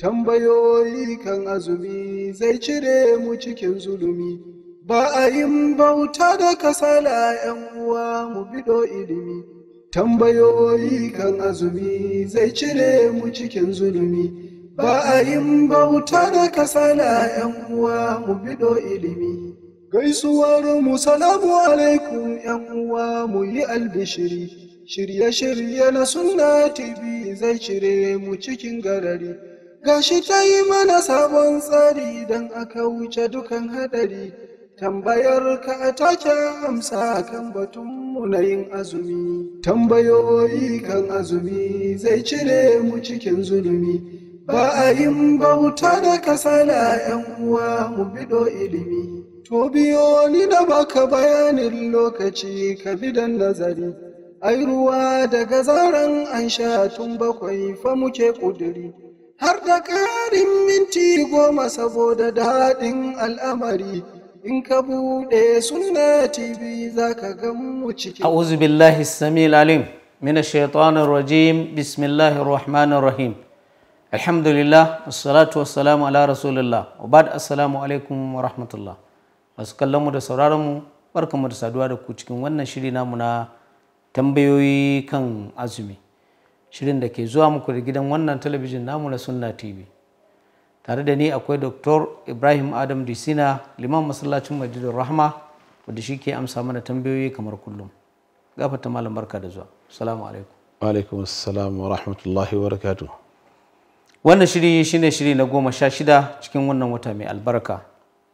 Tambayoyi kan azumi zai cire mu cikin zulumi, ba a yin bauta da kasala ‘yan uwa mu bido ilimi. Tambayoyi kan azumi zai cire mu cikin zulumi, ba a yin bauta da kasala ‘yan uwa mu bido ilimi. Gaisuwar mu salamu alaikum ‘yan uwa mu yi albishiri, shirye-shirye na sunna TV zai cire mu cikin garari. gashi ta yi mana sabon tsari don aka wuce dukan hadari tambayar ka take amsa kan batunmu na azumi tambayoyi kan azumi zai cire mu cikin zulumi ba a yin bauta da kasala yan uwa mu bido ilimi to biyo ni na baka bayanin lokaci ka bidan nazari ai ruwa daga zaran an sha tun bakwai fa muke ƙudiri har da ƙarin minti goma saboda daɗin al'amari in ka buɗe suna tv za ka mu ciki. a'udhu billahi samil alim Mina shaitanir rajim bismillahir rahmanir rahim alhamdulillah wassalatu wassalamu ala rasulillah wa ba'd assalamu alaikum wa rahmatullah masu kallon mu da sauraron mu barkamu da saduwa da ku cikin wannan shiri namu na tambayoyi kan azumi shirin da ke zuwa muku da gidan wannan talabijin namu na sunna tv tare da ni akwai dr ibrahim adam disina liman masallacin majidun rahma wadda shi ke amsa mana tambayoyi kamar kullum gafata malam barka da zuwa salamu alaikum alaikum assalam wa rahmatullahi wa barakatuh wannan shiri shine shiri na goma sha shida cikin wannan wata mai albarka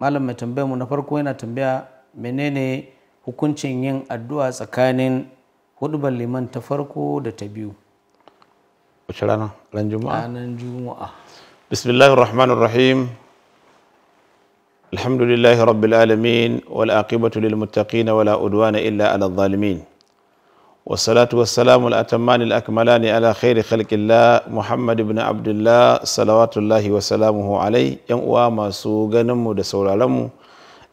malam mai tambaya mu na farko yana tambaya menene hukuncin yin addu'a tsakanin hudubar liman ta farko da ta biyu wace rana ran juma'a ranar juma'a bismillahir rahmanir rahim alhamdulillah rabbil alamin wal akibatu lil muttaqin wa la udwana illa ala Wasalatu wa salatu was salamu al atamman al akmalan ala khairi khalqillah muhammad ibn abdullah salawatullahi wa salamuhu yan uwa masu ganin mu da sauraron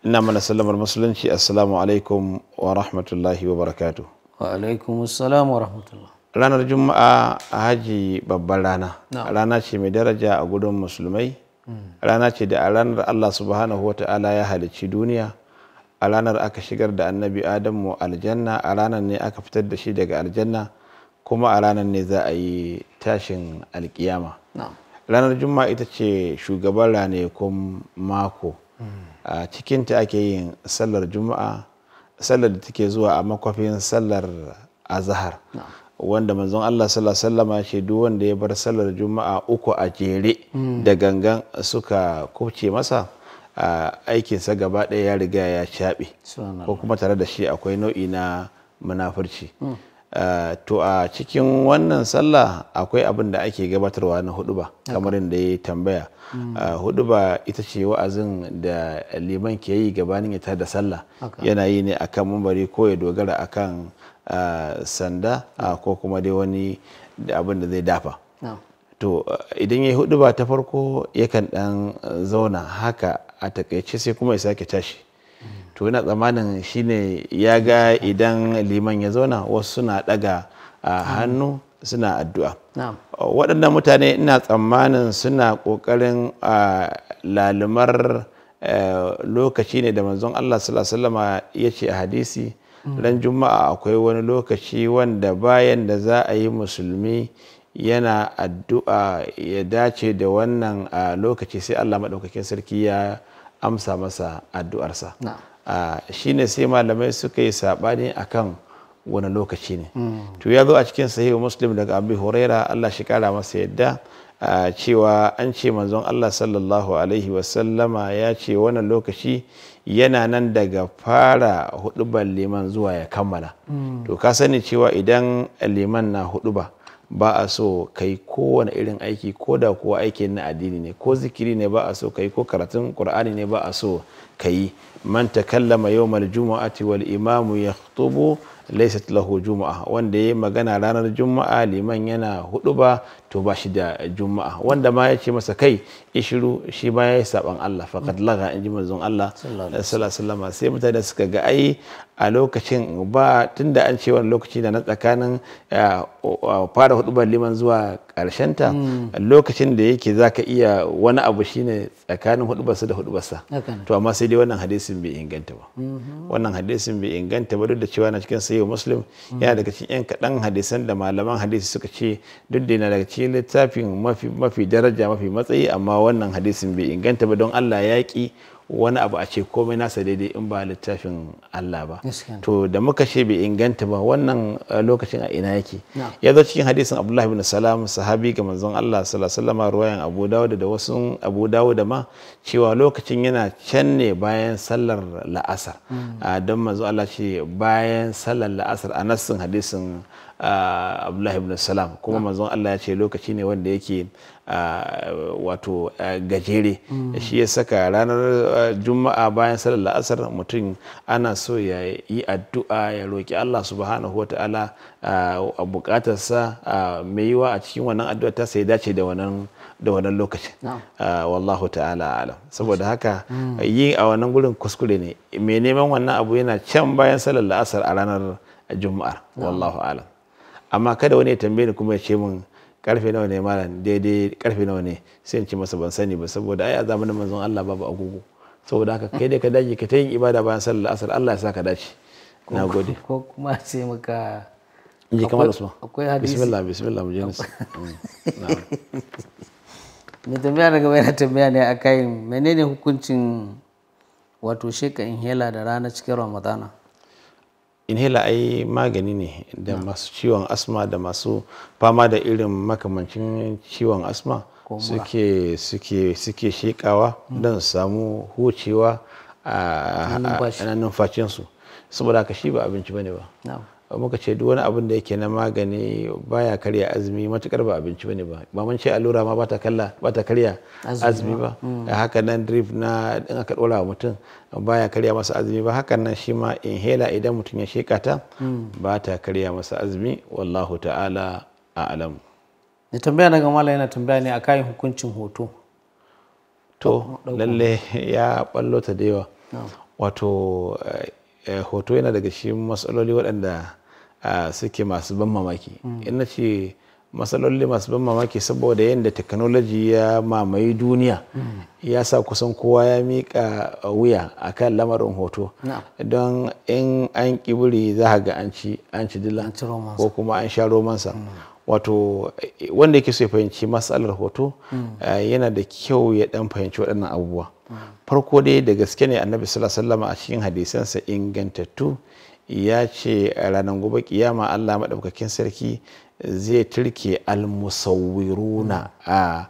ina mana sallamar musulunci assalamu alaikum wa rahmatullahi wa barakatuh wa alaikum assalam wa rahmatullah ranar juma'a a haji babban rana rana ce mai daraja a gudun musulmai hmm. rana ce da a ranar allah subhanahu wa ta'ala ya halicci duniya a ranar aka shigar da annabi adamu aljanna a ranar ne aka fitar da shi daga aljanna kuma a ranar ne za a yi tashin alkiyama ranar juma'a ita ce shugaban ranakun mako hmm. a cikinta ake yin sallar juma'a sallar da take zuwa a makwafin sallar azahar. wanda manzon Allah sallallahu alaihi wasallama ce duk wanda ya bar sallar juma'a uku a jere da gangan suka kuce masa sa gaba ɗaya ya riga ya shaɓe ko kuma tare da shi akwai nau'i na munafurci hmm. Eh, to a cikin wannan sallah akwai abin da ake gabatarwa na huduba kamar da ya tambaya hmm. eh, huduba ita ce wa'azin da liman ke yi gabanin ya da sallah yana yi ne akan mambari ko ya dogara akan eh, sanda hmm. ah, ko kuma dai wani abin da zai dafa to idan ya yi huduba ta farko yakan dan zauna haka a takaice sai kuma ya sake tashi to yana tsammanin shine ya ga idan liman ya zauna wasu suna daga hannu suna addu'a waɗannan mutane ina tsammanin suna ƙoƙarin lalumar eh, lokaci ne da manzon Allah sallama ya ce a hadisi mm. ran juma'a akwai wani lokaci wanda bayan da za a yi musulmi yana addu'a ya dace da wannan lokaci sai Allah maɗaukakin sarki ya amsa masa addu'arsa Shi ne sai malamai suka yi saɓani a kan wani lokaci ne hmm. to ya zo a cikin sahihu muslim daga abu huraira allah shi kara masa yadda cewa an ce manzon allah sallallahu alaihi wasallama ya ce wannan lokaci yana nan daga fara hudubar liman zuwa ya kammala hmm. to ka sani cewa idan liman na huduba ba a so kai kowane irin aiki ko da kuwa aikin na addini ne ko zikiri ne ba a so kai ko karatun ƙur'ani ne ba a so kai Manta kallama yawmal juma'ati wal imamu yakhtubu laysat lahu juma'a wanda ya yi magana ranar juma'a liman yana hudu ba to ba shi da juma'a wanda ma ya ce masa kai ishiru shi ma ya yi saban Allah faqad laga in ji manzon Allah sallallahu sai mutane suka ga ai a lokacin ba tunda an ce wani lokaci da na tsakanin fara huɗubar liman zuwa karshen ta hmm. lokacin da yake zaka iya wani abu shi ne tsakanin hudubarsa da hudubarsa to amma sai dai wannan hadisin bai inganta ba mhm. wannan hadisin bai inganta ba duk da cewa na cikin sayyid muslim yana daga cikin yan kaɗan hadisan da malaman hadisi suka ce duk da yana daga cikin shi littafin mafi daraja mafi matsayi amma wannan hadisin bai inganta ba don Allah ya ki wani abu a ce komai nasa daidai in ba littafin Allah ba to da muka ce bai inganta ba wannan uh, lokacin a ina yake ya zo cikin hadisin Abdullah ibn Salam sahabi ga manzon Allah sallallahu alaihi Abu Dawud da wasu Abu Dawud ma cewa lokacin yana can ne bayan sallar la'asar hmm. ah, don manzon Allah ce bayan sallar la'asar a nassin hadisin Ah, abdullahi ibn salam kuma manzon Allah ya ce lokaci ne wanda yake ah, wato ah, gajere mm. shi ya saka ranar juma'a bayan sallar la'asar mutum ana so ya yi addu'a ya roki Allah subhanahu wa ta'ala a bukatarsa mai yiwa a cikin wannan addu'a ta sai dace da wannan da wannan lokacin wallahu ta'ala alam saboda haka mm. yi a wannan gurin kuskure ne mai neman wannan abu yana can bayan salar la'asar a ranar juma'ar wallahu alam amma kada wani ya tambaye ni kuma ya ce min karfe nawa ne malam daidai karfe nawa ne sai in ce masa ban sani ba saboda ai a zamanin manzon Allah babu agogo saboda haka kai dai ka dage ka ta yin ibada bayan sallar asar Allah ya saka dace na gode ko kuma sai muka ji kamar usman akwai hadisi bismillah bismillah mu je mm, na'am mun tambaya daga bayan tambaya ne akai menene hukuncin wato sheka inhela da rana cikin ramadana inhaler ai magani ne da masu ciwon asma da masu fama da irin makamancin ciwon asma suke suke suke shekawa hmm. don samu hucewa a numfashinsu saboda haka shi ba abinci bane ba muka ce duk wani abin da yake na magani baya karya azumi matukar ba abinci bane ba ba mun ce allura ma bata kalla bata karya azumi ba mm. haka nan drip na in aka dora wa mutum baya karya masa azumi ba hakan nan shi ma inhaler idan mutum ya sheka ta mm. ba ta karya masa azumi wallahu ta'ala a'lam ni tambaya daga mala yana tambaya ne akan hukuncin hoto to lalle ya ballo ta da yawa wato eh, eh, hoto yana daga shi matsaloli waɗanda suke masu ban mamaki ina ce matsaloli masu ban mamaki saboda yadda teknoloji ya mamaye duniya ya sa kusan kowa ya miƙa wuya a kan lamarin hoto don in an kiburi za a ga an ci an ci dila ko kuma an sha romansa mm. wato wanda yake so ya fahimci matsalar hoto mm. yana da kyau ya dan fahimci waɗannan abubuwa farko dai da gaske ne annabi sallallahu alaihi wasallam a cikin hadisansa ingantattu ya ce ranar gobe kiyama Allah maɗaukakin sarki zai turke almusawwiruna a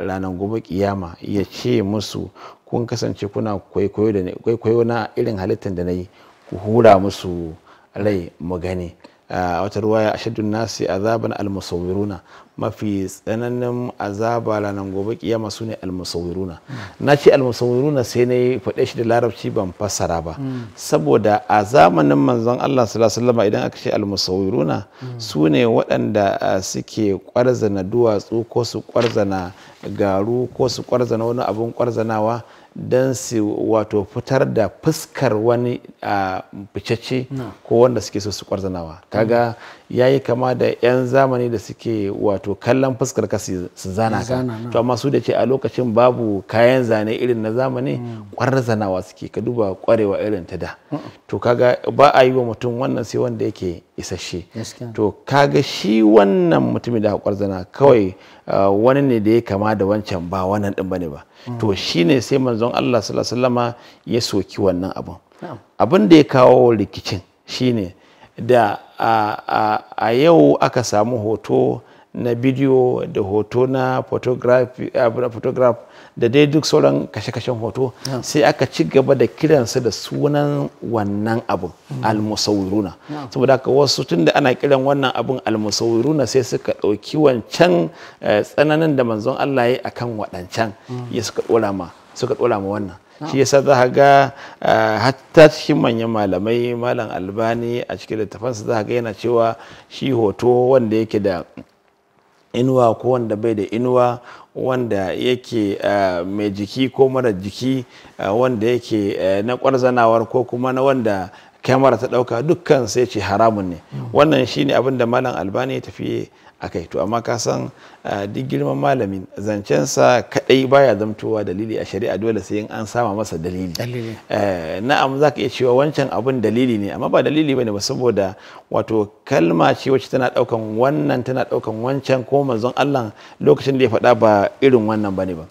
ranar gobe kiyama ya ce musu kun kasance kuna kwaikwayo na irin halittar da na yi ku hura musu rai mu gani a wata ruwaya ashaddun nasi azaban almusawiruna mafi tsananin azaba ranar gobe kiyama su ne almusawiruna na ce almusawiruna sai na yi faɗe shi da larabci ban fassara ba saboda a zamanin manzon Allah sallallahu idan aka ce almusawiruna su ne waɗanda suke kwarzana duwatsu ko su kwarzana garu ko su kwarzana wani abun kwarzanawa don su wato fitar da fuskar wani a ficacce ko wanda suke so su kwarzanawa kaga mm. ya yi kama da 'yan zamani da suke wato kallon fuskar ka su zana ka to amma su da ce a lokacin babu kayan zane irin na zamani mm. kwarzanawa suke ka duba kwarewa irin ta da to kaga ba a yi wa mutum wannan sai wanda yake isasshe to kaga shi wannan mutumin da kwarzana kawai Ah, wani ne da ya kama da wancan ba wannan din bane ba hmm. to shine sai manzon Allah sallallahu alaihi wasallama ya soki wannan abun abin da ya kawo rikicin shine da ah, ah, a yau aka samu hoto na bidiyo da hoto na eh, photograph da dai duk sauran kashe-kashen hoto sai aka ci gaba da kiransa da sunan wannan abun mm. almusawiruna saboda haka wasu tun da ana kiran wannan abun almusawiruna sai suka ɗauki wancan eh, tsananin da manzon Allah ya akan waɗancan mm. ya suka ɗora ma suka ɗora ma wannan shi yasa za ga eh, hatta cikin manyan malamai malam albani a cikin littafansa za ga yana cewa shi hoto wanda yake da inuwa ko wanda bai da inuwa wanda yake eh, mai jiki ko mara jiki eh, wanda yake eh, na kwarzanawar ko kuma na wanda kyamara ta dauka dukkan sai ce haramun ne mm. wannan shine abin da malam albani ya tafi akai to amma ka san duk girman malamin zancensa kadai baya zamtowa dalili a shari'a dole sai an sama masa dalili na'am za ka iya cewa wancan abun dalili ne amma ba dalili bane ba saboda wato kalma ce wacce tana daukan wannan tana daukan wancan ko manzon Allah lokacin da ya faɗa ba irin wannan bane ba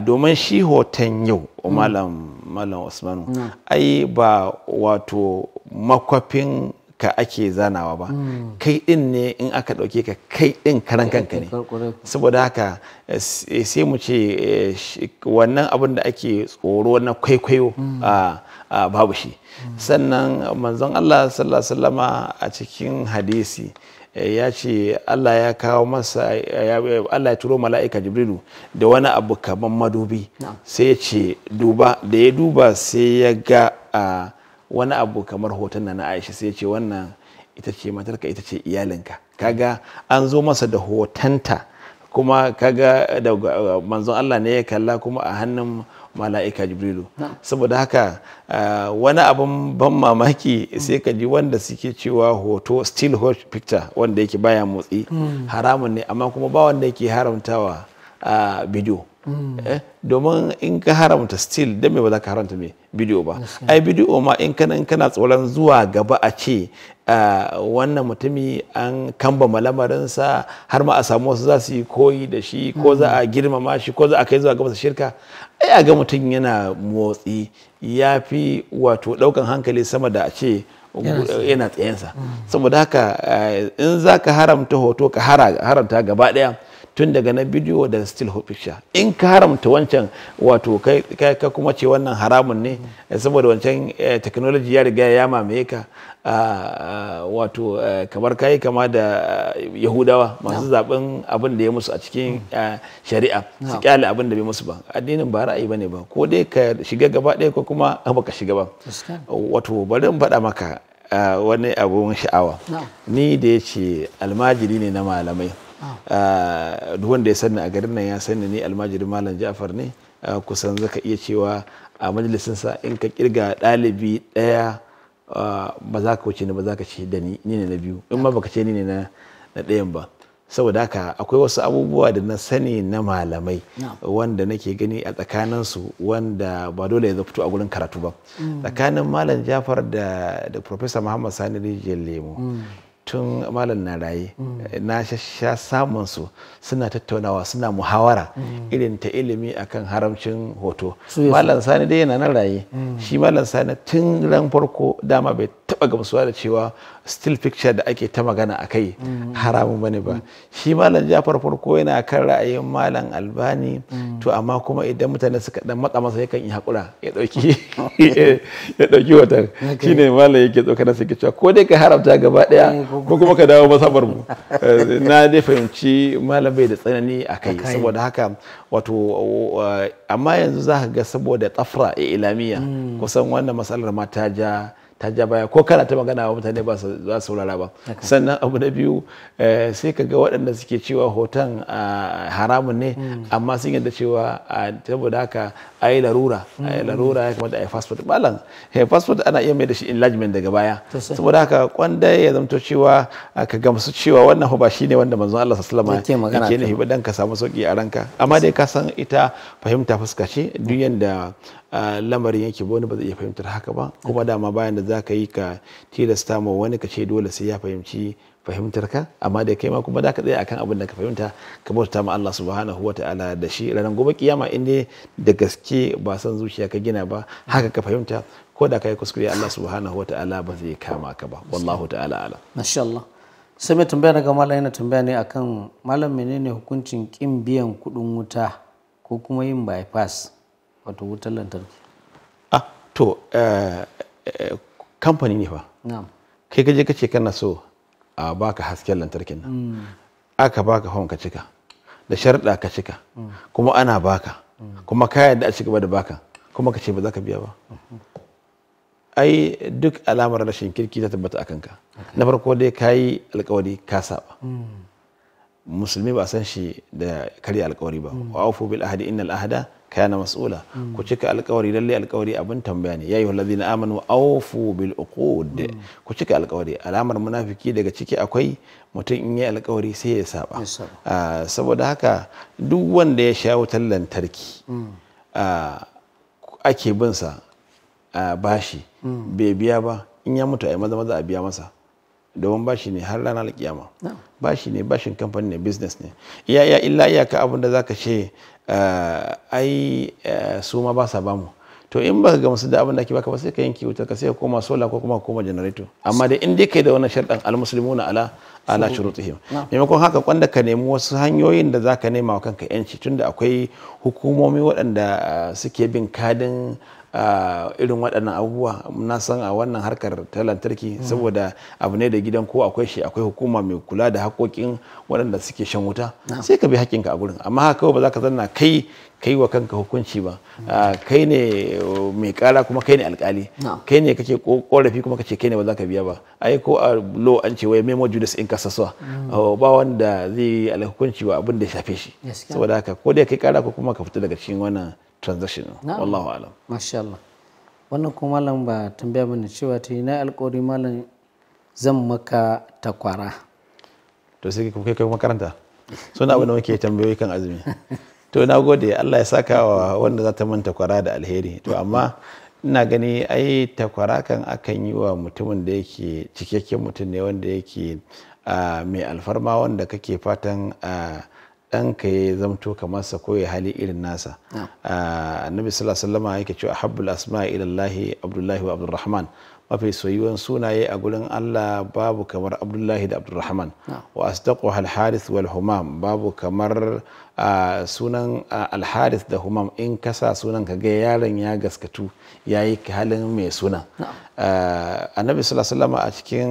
domin shi hoton yau mm. malam malam Usmanu ai ba wato makwafin ka ake zanawa ba hmm. kai din ne in aka ɗauke ka kai din karan kanka ne saboda haka eh, sai mu ce eh, wannan abin da ake tsoro na kwaikwayo hmm. a babu shi hmm. sannan manzon Allah sallallahu alaihi wasallama a cikin hadisi eh, ya ce Allah ya kawo masa Allah ya turo mala'ika Jibrilu da wani abu kaman madubi sai ya ce duba da ya duba sai ya ga wani abu kamar hoton na na Aisha sai ce wannan ita ce matarka ita ce iyalinka kaga an zo masa da hotonta kuma kaga da manzon Allah ne ya kalla kuma a hannun mala'ika jibrilu saboda haka wani abin ban mamaki sai ka ji wanda suke cewa hoto still hot picture wanda yake baya motsi hmm. haramun ne amma kuma ba wanda yake haramtawa bidiyo Eh, domin in ka haramta still don me ba za ka haramta me bidiyo ba ai bidiyo ma in kana kana tsoron zuwa gaba a ce wannan mutumi an kamba malamarinsa har ma a samu wasu za su yi koyi da shi ko za a mm. girmama shi ko za a kai zuwa gaba shirka ai a ga mutum yana motsi ya fi wato ɗaukan hankali sama da a ce yana tsayensa mm. saboda haka eh, in za ka haramta hoto ka haramta gaba ɗaya tun daga na bidiyo da still picture in ka haramta wancan wato kai ka kuma ce wannan haramun ne saboda wancan eh, technology ya riga ya mamaye ka ah, ah, wato eh, kamar kayi kama da yahudawa masu zaben abin da ya musu a cikin hmm. eh, shari'a su kyale abin da bai musu ba addinin ba ra'ayi bane ba ko dai ka shiga gaba ɗaya ko kuma baka shiga ba wato bari in faɗa maka ah, wani abun sha'awa ni da ya ce almajiri ne na malamai Ah, duk wanda ya sani a garin nan ya sani ni almajiri malam ja'far ne ah, kusan zaka iya cewa a majalisinsa in ka kirga ɗalibi ɗaya ah, ba za ka wuce ni ba za ka ce da ni ni ne na biyu in ma baka ce ni ne na ɗayan ba saboda haka akwai wasu abubuwa da na sani na malamai wanda nake gani a tsakanin su wanda ba dole ya fito a gurin karatu ba mm. tsakanin malam jafar da da professor muhammad sani rijiyar lemo mm. tun malam na raye mm. na sha samun su suna tattaunawa suna muhawara mm. irin ta ilimi akan haramcin hoto malam sani dai yana na raye mm. shi malam sani tun ran farko dama bai taba gamsuwa da cewa still picture da ake ta magana a kai haramun bane ba shi malam jafar farko yana kan ra'ayin malam albani to amma kuma idan mutane suka dan matsa masa yakan yi hakura ya dauki ya dauki watan shine malam yake na sake cewa ko dai ka haramta gaba daya eh, ko kuma ka dawo masabar mu eh, na dai fahimci malam bai da tsanani a kai saboda haka wato eh, amma yanzu za ka ga saboda tsafra e ilamiya hmm. kusan wannan matsalar ma ta ja ta ja baya ko kana ta magana wa mutane ba su saurara ba sannan abu na biyu eh, sai ka ga waɗanda suke cewa hoton ah, haramun ne mm. amma sun yadda cewa ah, saboda haka a yi larura a yi mm. larura ya kamata a yi fasfot malam fasfot eh, ana iya mai da shi enlargement daga baya saboda haka kwanda ya zamto cewa ah, ka gamsu cewa wannan ba shi ne wanda manzo Allah sallama. yake ne ba dan ka samu sauki a ranka amma dai ka san ita fahimta fuska ce duk yanda lamarin yake ba wani ba zai iya fahimtar haka ba kuma dama bayan da za ka yi ka tilasta ma wani ka ce dole sai ya fahimci fahimtar ka amma da kai ma kuma za ka tsaya akan abin da ka fahimta ka bauta ma Allah subhanahu wa ta'ala da shi ranar gobe kiyama in dai da gaske ba san zuciya ka gina ba haka ka fahimta ko da kai kuskure Allah subhanahu wa ta'ala ba zai kama ka ba wallahu ta'ala ala masha Allah sai mai tambaya daga malam yana tambaya ne akan malam menene hukuncin kin biyan kudin wuta ko kuma yin bypass wato wutar lantarki ah to eh, eh, kamfani ne fa kai kaje kace kana so a baka hasken lantarkin nan mm. aka baka fam ka cika da sharda ka cika mm. kuma ana baka mm. kuma ka yadda a gaba da baka kuma ka ce ba za ka biya ba mm-hmm. ai duk alamar rashin kirki ta tabbata a ka. na farko dai ka yi alkawari ka saba musulmi ba san shi da karya alkawari ba wa bil ahadi innal ahada na matsula. ku cika alkawari lalle alkawari abin tambaya ne yayi wallazina amanu awfu bil uqud ku cika alkawari alamar munafiki daga ciki akwai mutum in yi alkawari sai ya saba ah, saboda haka duk wanda ya sha wutar lantarki mm. ah, ake bin sa ah, bashi mm. bai biya ba in ya mutu a maza maza a biya masa domin bashi ne har ranar alkiyama bashi ne bashin kamfani ne business ne iya iya illa iyaka abin da zaka ce eh, ai eh, su ma ba sa bamu to in ba ga musu da abin da ake baka ba sai ka yanke wuta ka sai koma sola ko kuma koma generator amma da in dai kai da wannan sharɗan almuslimuna ala ala shurutihim maimakon haka kwanda ka nemi wasu hanyoyin da za ka nema wa kanka yanci tunda akwai hukumomi waɗanda eh, suke bin kadin irin waɗannan abubuwa na san a wannan harkar ta lantarki mm. saboda abu ne da gidan ko akwai shi akwai hukuma mai kula da haƙoƙin waɗanda suke shan wuta sai ka bi haƙƙinka a gurin amma haka ba za ka zanna kai kai wa kanka hukunci ba mm. ah, kai ne uh, mai kara kuma kai ne alkali kai ne kake korafi kuma kace kai ne ba za ka biya ba ai ko a lo an ce wai memo judas in kasasuwa mm. oh, ba wanda zai alhukunci wa abin da ya shafe shi saboda haka ko dai kai kara ko kuma ka fita daga cikin wannan transaction wallahu alam masha Allah wannan kuma malam ba tambaya bane cewa ta yi na alƙawari malam zan maka takwara to sai kai kuma karanta suna abin da muke tambayoyi kan azumi to na gode Allah ya saka wa wanda za ta manta takwara da alheri to amma ina gani ai takwara kan akan yi wa mutumin da yake cikakken mutum ne wanda yake mai alfarma wanda kake fatan ɗanka ya zamto kamar sa ko ya hali irin nasa annabi sallallahu alaihi wasallam yake cewa habbul asma ila Allah abdullahi wa abdurrahman mafi soyuwan sunaye a gurin Allah babu kamar Abdullahi da Abdulrahman wa asdaqu al harith wal humam babu kamar sunan al harith da humam in ka sa sunan ka ga yaron ya gaskatu yayi halin mai sunan annabi sallallahu alaihi wasallam a cikin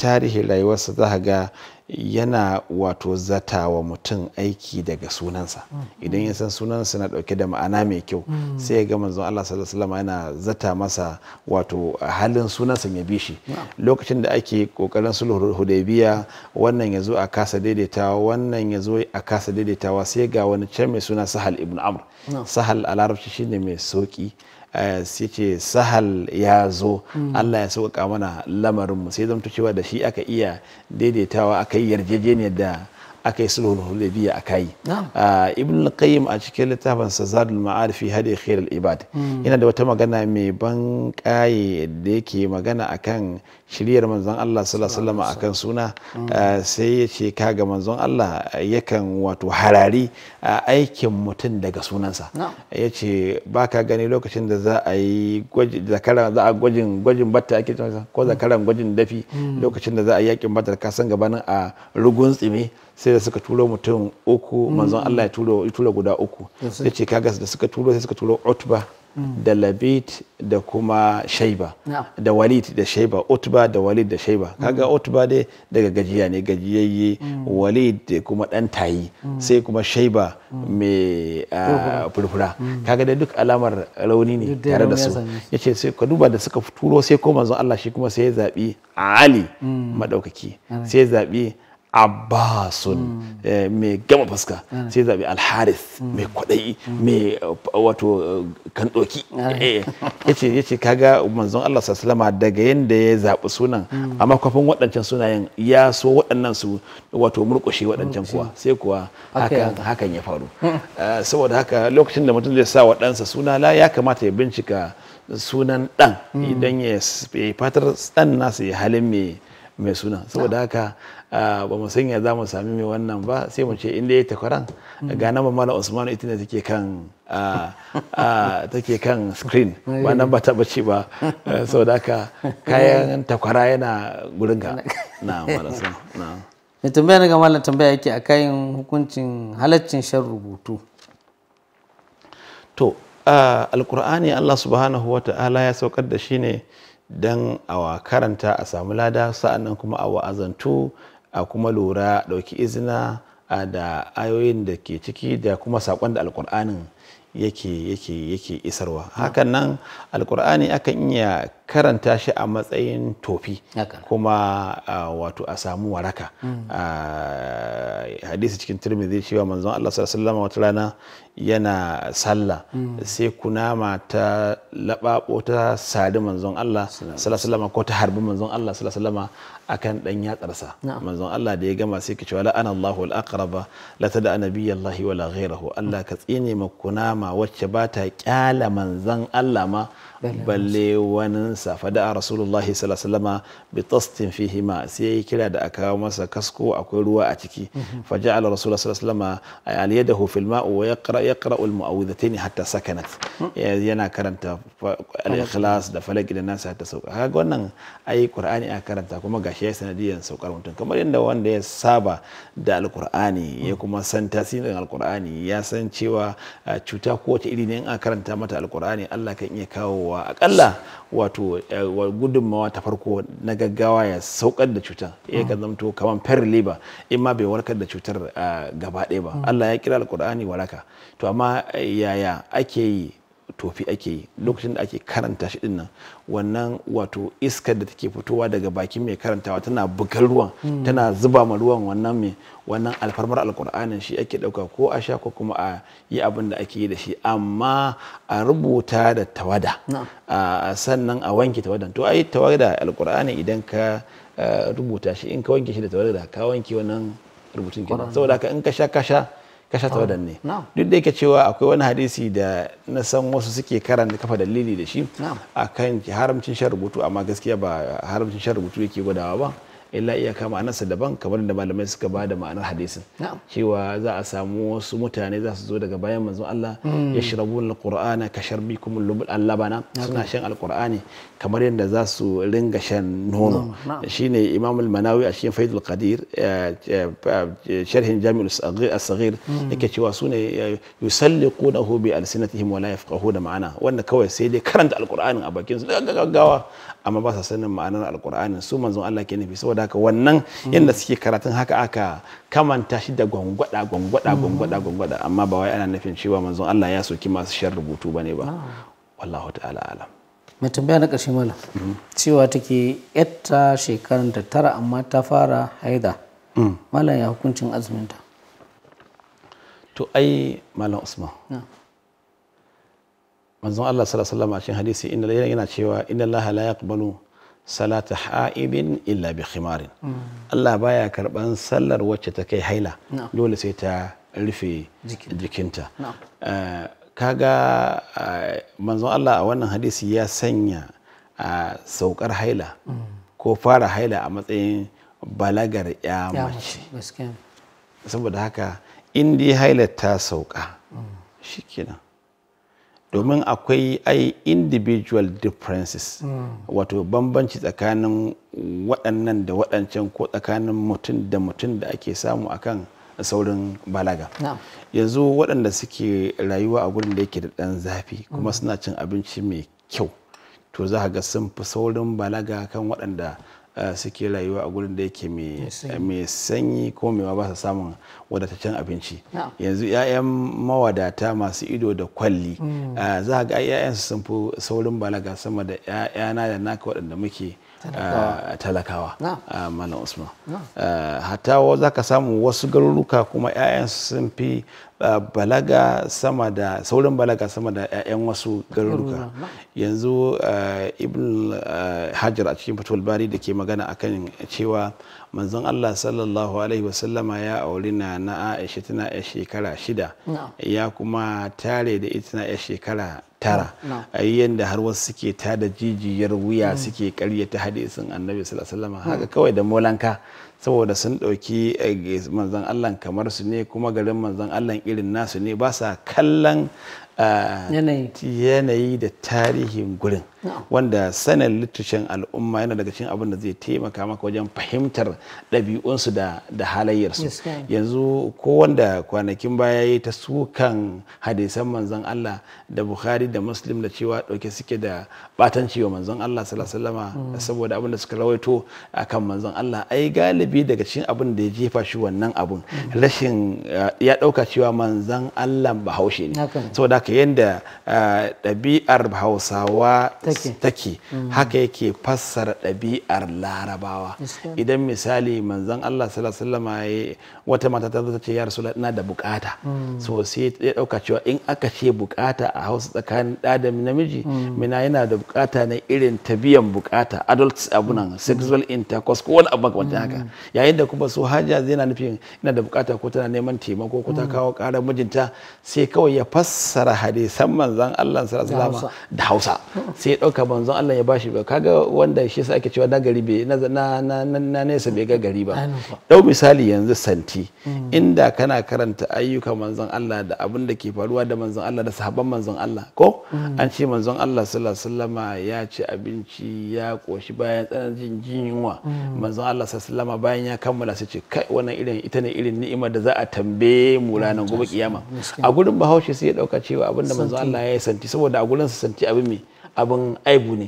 tarihin rayuwarsa za ga yana wato zata wa mutum aiki daga sunansa idan ya san sunansa na dauke da ma'ana mai kyau mm. sai ya ga manzon Allah sallallahu alaihi yana zata masa wato halin sunansa ya bi shi lokacin da ake kokarin sulhu hudaybiya wannan ya zo a kasa daidaitawa wannan ya zo a kasa daidaitawa sai ga wani can mai suna sahal ibn amr sahal a larabci shine mai sauki Eh, suke sahal ya zo hmm. Allah ya sauka mana lamarinmu sai zamto cewa da shi aka iya daidaitawa aka yi yarjejeniyar da aka yi sulhul hudaybiya aka yi ah, ibn qayyim a cikin littafin sa zadul ma'arif fi hadi ibad hmm. yana da wata magana mai ban kaye da yake magana akan shiryar manzon Allah sallallahu alaihi akan suna eh, sai ya ce kaga manzon Allah yakan wato harari eh, aikin mutum daga sunansa ya ce ba ka gani lokacin da za a yi za a gwajin gwajin batta ake ko mm. zakaran gwajin dafi mm. lokacin da za a yi yakin batta ka san gabanin a rugun tsime sai da suka turo mutum uku manzon mm. Allah ya turo guda uku ya ce kaga da suka turo sai suka turo utba da labit da kuma shaiba da walid da shaiba utba da walid da shaiba kaga mm. utba dai daga gajiya ne gajiyayye mm. walid da kuma dan tayi mm. sai kuma shaiba mai ah, furfura kaga dai duk alamar rauni ne tare da su yace sai ka duba da suka turo sai ko manzon Allah shi kuma sai ya zabi ali madaukaki sai ya zabi abbasun eh, mai gama fuska sai zabi alharis mai mm. kwaɗayi mai eh, wato eh, kan doki ya ce kaga manzon Allah sallama daga yadda ya zaɓi sunan mm. a makwafin waɗancan sunayen ya so waɗannan su wato murƙushe waɗancan kuwa sai kuwa hakan ya faru saboda haka lokacin da mutum zai sa wa ɗansa suna la ya kamata ya bincika sunan ɗan mm. idan ya fatar ɗan nasa ya halin mai mai suna saboda haka ba mu sanya za mu sami mai wannan ba sai mu ce inda ya yi takwaran ga nan mamala usman ita ne take kan take kan screen ba nan ba taba ci ba saboda haka kayan takwara yana gurin ka na marasa na mai tambaya daga malam tambaya yake a kayan hukuncin halaccin shan rubutu to alkur'ani allah subhanahu wa ta'ala ya saukar da shi ne don a karanta a samu lada sa'annan kuma a wa'azantu a kuma lura ɗauki izina da ayoyin da ke ciki da kuma saƙon da alƙur'anin yake yake yake isarwa hakan nan alƙur'ani akan iya karanta shi a matsayin tofi kuma wato a samu waraka hadisi cikin turmi cewa manzon Allah sallallahu wata rana yana sallah sai kunama ta labaɓo ta sadi manzon Allah sallallahu ko ta harbi manzon Allah sallallahu akan dan yatsarsa manzon Allah da ya gama sai ka cewa la ana Allahu al-aqraba la tada nabiyallahi wala ghayrahu Allah ka tsine ma kunama wacce ba ta kyala manzon Allah ma balle wanin safa da rasulullahi sallallahu bi tastin fihi ma sai yayi kira da aka masa kasko akwai ruwa a ciki mhm. fa ja'ala rasulullahi sallallahu alaihi wasallam aliyadahu fil ma'i wa yaqra yaqra al mu'awidhatayn hatta sakanat hmm. yana karanta al ikhlas da falaq da nasa hatta sauka kaga wannan ai qur'ani a karanta kuma gashi ya sanadiyan saukar mutum kamar yadda wanda ya saba da qur'ani ya hmm. kuma san tasirin qur'ani ya san cewa cuta wata iri ne in a karanta mata qur'ani Allah kan iya kawo cewa akalla wato eh, gudunmawa ta farko na gaggawa ya saukar da cutar ya ka zamto kamar fair labor in ma bai warkar da cutar ah, gaba ɗaya ba mm. Allah ya kira alkur'ani waraka to amma eh, yaya ake yi tofi ake yi lokacin da ake karanta shi dinnan wannan wato iskar da take fitowa daga bakin mai karantawa tana bugar ruwan tana zuba ma ruwan wannan mai wannan alfarmar alkur'anin shi ake dauka ko a sha ko kuma a yi abin da ake yi da shi amma a rubuta da tawada A sannan a wanke tawadan to ai tawada alkur'ani idan ka eh, rubuta shi in ka wanke shi da tawada ka wanke wannan rubutun kenan saboda ka in ka sha ka sha kashata oh. wadanne duk da yake cewa akwai wani hadisi da na san wasu suke karanta kafa dalili da shi akan haramcin shan rubutu amma gaskiya ba haramcin shan rubutu yake gwadawa ba illa iyaka ma'anarsa daban kamar da malamai suka ba da ma'anar hadisin cewa za a samu wasu mutane za su zo daga bayan manzon Allah hmm. ya shirabu alqur'ana ka sharbi kuma lubul allabana suna shan alqur'ani kamar yadda za su ringa shan nono shine imam al-manawi a cikin faidul qadir eh, eh, eh, sharhin jami'ul as asghir hmm. yake cewa sune yusalliqunahu bi alsinatihim wa la yafqahuna ma'ana wanda kawai sai dai karanta alqur'anin a bakin su gaggawa amma ba sa sanin ma'anar alkur'ani su manzon Allah ke nufi saboda haka wannan yadda suke karatun haka aka kamanta shi da gwangwada gwangwada gwangwada gwangwada amma ba wai ana nufin cewa manzon Allah ya soki masu shan rubutu bane ba ah. wallahu ta'ala alam mai tambaya na karshe malam mm-hmm. cewa take yatta shekaran ta tara amma ta fara haida mm. malam ya hukuncin azumin ta to ai malam usman ah. manzon Allah sallallahu alaihi wasallam a hadisi inna yana cewa inna Allah la yaqbalu salata ha'ibin illa bi khimarin mm. Allah baya karban sallar wacce ta kai haila dole sai ta rufe jikinta eh, kaga eh, manzon Allah a wannan hadisi ya sanya eh, saukar haila mm. ko fara haila a matsayin balagar ya mace saboda haka in dai haila ta sauka mm. shikenan domin akwai ai individual differences mm. wato bambanci tsakanin waɗannan da waɗancan ko tsakanin mutum da mutum da ake samu akan saurin balaga yanzu waɗanda suke rayuwa a gurin da yake da ɗan zafi kuma mm. suna cin abinci mai kyau to za ga sun fi saurin balaga kan waɗanda Eh, suke rayuwa a gurin da yake mai sanyi ko mai ba su samun wadataccen abinci yanzu 'ya'yan mawadata masu ido da kwalli mm. eh, za ga 'ya'yansu sun fi saurin balaga sama da 'ya'yana da naka waɗanda muke talakawa mana ah, ah, usman ah, hatta za ka samu wasu garuruka kuma 'ya'yan sun fi balaga sama da saurin balaga sama da 'ya'yan wasu garuruka yanzu ibn hajar a cikin fitowar bari da ke magana a kan cewa manzon allah sallallahu alaihi wasallama ya auri na na aisha tana shekara shida ya kuma tare da ita na shekara tara a yi yadda har wasu suke da jijiyar wuya mm. suke haɗe hadisin annabi sallallahu haka mm. kawai da molanka saboda sun ɗauki eh, manzan allah kamar su ne kuma garin manzan allah irin nasu ne ba sa kallon ah, yanayi da tarihin gurin wanda sanin littacin al'umma yana daga cikin abin da zai taimaka maka wajen fahimtar ɗabi'unsu da halayyarsu yanzu ko wanda kwanakin baya ya ta sukan hadisan manzon Allah da Buhari da Muslim da cewa ɗauke suke da batanci wa manzon Allah sallallahu mm. saboda abin da suka rawaito akan manzon Allah ai galibi daga cikin abin da ya jefa shi wannan abun mm. rashin eh, ya ɗauka cewa manzon Allah bahaushe ne saboda haka yanda eh, ɗabi'ar Hausawa take haka yake fassara ɗabi'ar larabawa idan misali manzon Allah sallallahu alaihi wata mata ta zo ta ce ya rasul ina da bukata mm. so sai ya dauka cewa in aka ce bukata a Hausa tsakanin da da namiji mm. mina yana da bukata na irin tabiyan bukata adult abunan mm. sexual intercourse ko wani abu kamar haka yayin da kuma so haja zai na nufin ina da bukata ko tana neman taimako ko ta kawo karar mijinta sai kawai ya fassara hadisan manzon Allah sallallahu alaihi da Hausa sai ɗauka manzon Allah ya bashi ba kaga wanda shi sa ake cewa na gari bai na nesa bai ga gari ba ɗau misali yanzu santi hmm. inda kana karanta ayyuka manzon Allah da abin da ke faruwa da manzon Allah da sahabban manzon Allah ko hmm. an ce manzon Allah sallallahu alaihi wasallama ya ci abinci ya koshi bayan tsananin jin hmm. manzon Allah sallallahu alaihi wasallama bayan ya kammala sai ce kai wannan irin ita ne irin ni'imar da za a tambaye mu ranar gobe kiyama a gurin bahaushe sai ya dauka cewa abin da manzon Allah ya yi santi saboda a gurin sa santi abin mai abin aibu ne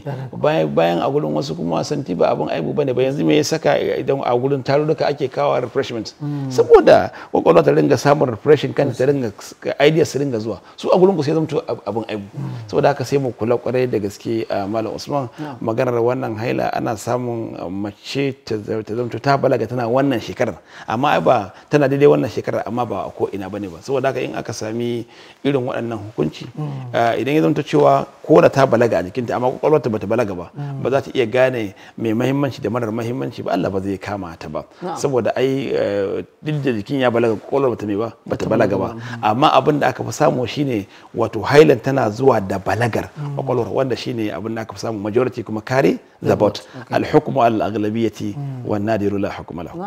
bayan a gurin wasu kuma wasan ba abin aibu bane ba yanzu me ya saka idan a gurin taruruka ake kawo refreshment hmm. saboda kwakwalwa ta ringa samun refreshing kan ta ringa ideas su ringa zuwa su a gurin ku sai zamto abin aibu hmm. saboda haka sai mu kula kwarai da gaske ah, malam usman maganar wannan haila ana samun ah, mace ta zamto ta balaga tana wannan shekarar amma ba tana daidai wannan shekarar amma ba ko ina bane ba saboda haka in aka sami irin waɗannan hukunci hmm. ah, idan ya zamto cewa ko da ta balaga a jikinta amma kwakwalwarta bata balaga ba ba za ta iya gane mai mahimmanci da marar mahimmanci ba Allah ba zai kama ta ba saboda ai eh, duk da jikin ya balaga kwakwalwar bata mai ba bata balaga ba amma abin da aka fi samu shine wato hailan tana zuwa da balagar kwakwalwar wanda shine abin da aka fi samu majority kuma kare the bot al-hukmu al aghlabiyyati wan nadiru la hukma lahu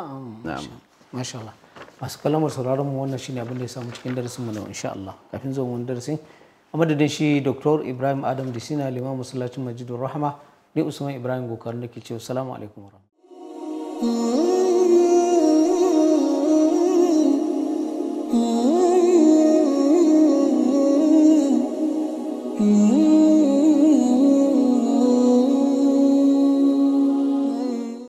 na'am masha masu kalamar sauraron mu wannan shine abin da ya samu cikin darasin mu na insha Allah kafin zuwa wani darasin a madadin shi dr ibrahim adam Sina liman masallacin majidun rahama ni usman ibrahim gokar nake cewa salamu alaikum Mm-hmm.